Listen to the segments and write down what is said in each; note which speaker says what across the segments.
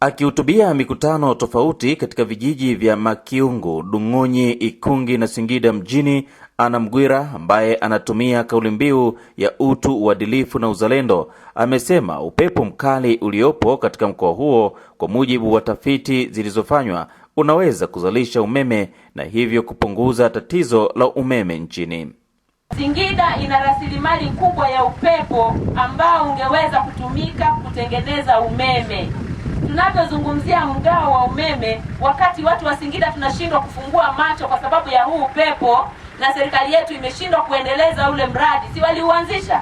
Speaker 1: Akihutubia mikutano tofauti katika vijiji vya Makiungu, Dung'unyi, Ikungi na Singida mjini, ana mgwira ambaye anatumia kauli mbiu ya utu, uadilifu na uzalendo, amesema upepo mkali uliopo katika mkoa huo, kwa mujibu wa tafiti zilizofanywa, unaweza kuzalisha umeme na hivyo kupunguza tatizo la umeme nchini.
Speaker 2: Singida ina rasilimali kubwa ya upepo ambao ungeweza kutumika kutengeneza umeme tunavyozungumzia mgao wa umeme, wakati watu wa Singida tunashindwa kufungua macho kwa sababu ya huu upepo, na serikali yetu imeshindwa kuendeleza ule mradi. Si waliuanzisha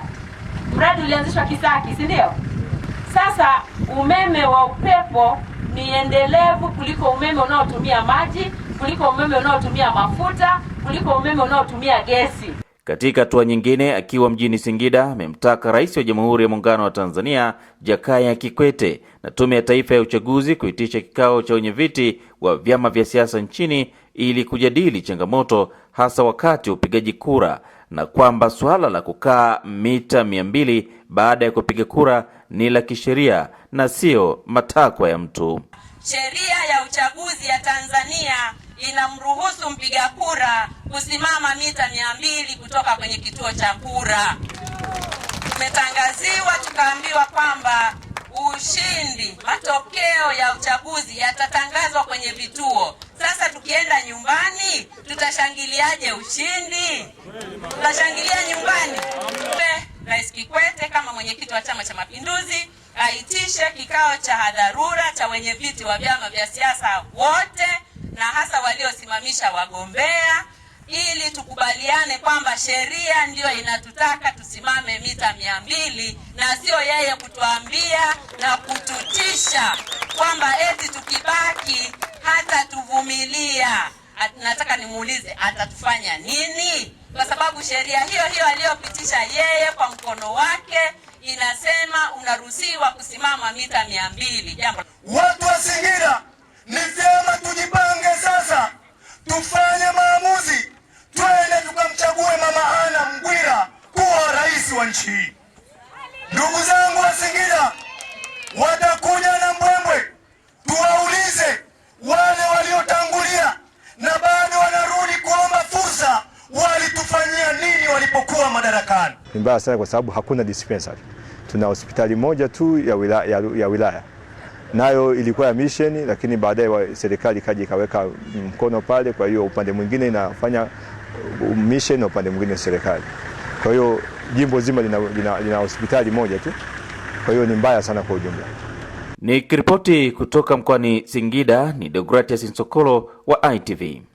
Speaker 2: mradi? Ulianzishwa Kisaki, si ndio? Sasa umeme wa upepo ni endelevu kuliko umeme unaotumia maji, kuliko umeme unaotumia mafuta, kuliko umeme unaotumia gesi.
Speaker 1: Katika hatua nyingine, akiwa mjini Singida, amemtaka Rais wa Jamhuri ya Muungano wa Tanzania Jakaya Kikwete na Tume ya Taifa ya Uchaguzi kuitisha kikao cha wenyeviti wa vyama vya siasa nchini ili kujadili changamoto hasa wakati wa upigaji kura na kwamba suala la kukaa mita mia mbili baada ya kupiga kura ni la kisheria na siyo matakwa ya mtu.
Speaker 2: Sheria ya uchaguzi ya Tanzania inamruhusu mpiga kura kusimama mita mia mbili kutoka kwenye kituo cha kura. Tumetangaziwa tukaambiwa kwamba ushindi, matokeo ya uchaguzi yatatangazwa kwenye vituo. Sasa tukienda nyumbani, tutashangiliaje ushindi? Tutashangilia nyumbani? Rais Kikwete kama mwenyekiti wa Chama cha Mapinduzi aitishe kikao cha dharura cha wenyeviti wa vyama vya siasa wote na hasa waliosimamisha wagombea ili tukubaliane kwamba sheria ndiyo inatutaka tusimame mita mia mbili na sio yeye kutuambia na kututisha kwamba eti tukibaki hata tuvumilia. Nataka nimuulize atatufanya nini? Kwa sababu sheria hiyo hiyo aliyopitisha yeye kwa mkono wake inasema unaruhusiwa kusimama mita mia mbili. Jambo
Speaker 3: watu wa Singida, ni vyema tujipange sasa Tufa wa nchi hii. Ndugu zangu wa Singida, watakuja na mbwembwe, tuwaulize wale waliotangulia na bado wanarudi kuomba fursa, walitufanyia nini walipokuwa madarakani?
Speaker 4: Ni mbaya sana, kwa sababu hakuna dispensary. Tuna hospitali moja tu ya wilaya, ya, wilaya nayo ilikuwa ya misheni, lakini baadaye serikali ikaja ikaweka mkono pale. Kwa hiyo upande mwingine inafanya uh, misheni na upande mwingine serikali. Kwa hiyo jimbo zima lina, lina, lina hospitali moja tu, kwa hiyo ni mbaya sana kwa ujumla.
Speaker 1: Nikiripoti kutoka mkoani Singida ni Deogratias Nsokolo wa ITV.